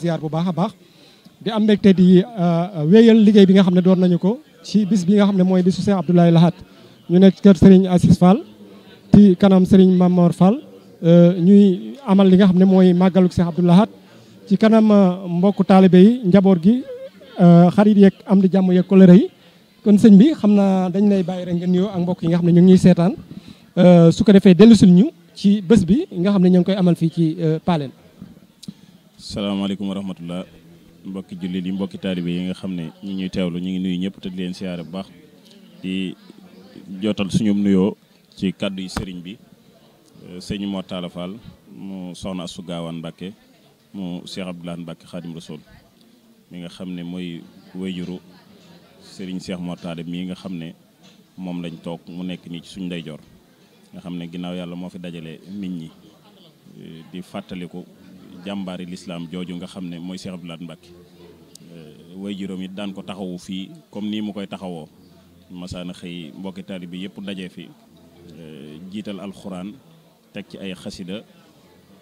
ziar bu baakha di am mbekté di euh, euh, wéyal liggéey bi nga xamné door nañu ko ci bis bi nga xamné moy bisu Cheikh Abdoulaye Lahat ñu nekk kër Serigne Assis Fall ti kanam Serigne Mamour Fall euh, ñuy amal li nga xamné moy magaluk Cheikh Abdoulaye Lahat ci kanam mbokku talibé yi njabor gi xarit yek am di yek ko kolëre yi kon sëñ bi xamna dañ lay bàyyi rek ngeen yo ak mbokk yi nga xam ñu ngi sétane euh su ko defee ñu ci bëss bi nga koy amal fi ci palen salaamaaleykum wa rahmatullah mbokki jullit yi mbokki taalibe yi nga xam ne ñi ñuy teewlu ñu ngi nuyu ñëpp te leen siyaare bu baax di jotal suñu nuyoo ci kàddu yi sëriñ bi euh, sëñ Mor Talla Fall mu soxna Astou Gawane Mbacke mu Cheikh Abdoulaye Mbacke Khadim Rasoul mi nga xam ne mooy wéyjuru sëriñ Cheikh Mor Talla nga xam ne moom lañ toog mu nekk nii ci suñu ndeyjoor nga xam ne ginnaaw yàlla moo fi dajalee nit ñi euh, di fàttaliku Jambari l'islam jooju nga xamne moy Cheikh Abdou Lahad euh way juróom it ko taxawu fi comme ni mu koy taxawoo masaana xëy mbokki taalibe bi yëpp daje fi euh, jital alquran tek ci ay xasida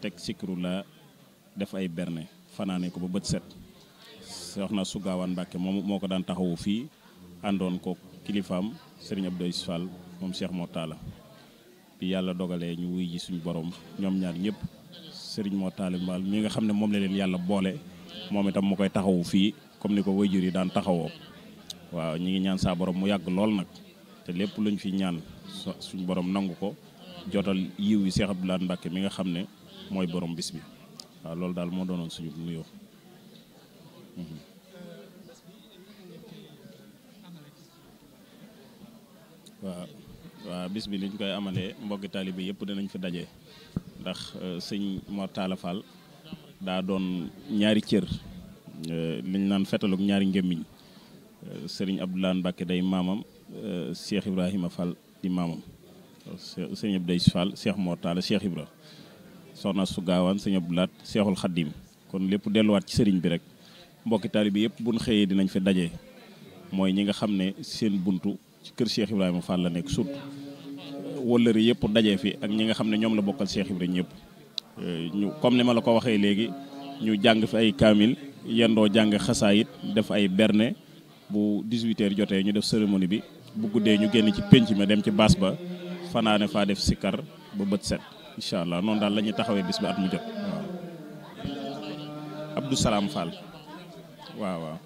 tek sikrula def ay berne fanane ko bu beut set soxna su gawan mbake mom ko dan taxawu fi andon ko kilifam serigne Abdou isfal mom Cheikh Mortala bi yalla ñu wuy ji suñu borom ñom ñaar ñëpp sëriñ Mor Talla Mbaal mi nga xam ne moom la leen yàlla boole moom itam mu koy taxawu fii comme ni ko wayjur yi daan taxawoo waaw ñi ngi ñaan saa borom mu yàgg lool nag te lépp luñ fi ñaan suñ boroom nangu ko jotal yiw yi Cheikh laa Mbacke mi nga xam ne mooy boroom bis bi waaw loolu daal moo doonoon suñu nuyoo. waaw waaw bis bi liñ koy amalee mbokki taalibe yëpp danañ fi daje. ndax euh, sëñ Mor Talla Fall da doon ñaari cieur liñ naan fetaluk ñaari ngemign euh, sëriñ Abdoulaye Mbacke day mamam euh, Cheikh ibrahim Fall di mamam sëñ Abdoulaye Fall Cheikh Mor Talla Cheikh Ibra sohna su gawan sëñ abdoulat Cheikhul Khadim kon delu wat ci sëriñ bi rek mbokki taalibe yep buñ xeyé dinañ fi dajé moy ñi nga xamné seen buntu ci kër Cheikh ibrahim Fall la nek surtout wëllëre yëpp dajee fi ak ñi nga xam ne ñoom la bokkal Cheikh Ibrahima ñëpp ñu comme ni ma la ko waxee léegi ñu jàng fi ay kaamil yendoo jàng xasaa xasaayit def ay berne bu 18 jotee ñu def cérémonie bi bu guddee ñu génn ci pénc ma dem ci baas ba fanaane faa def sikkar ba bët set incha allah noonu daal la ñuy taxawee bis ba at mu jot waaw. Abdou Salam waaw waaw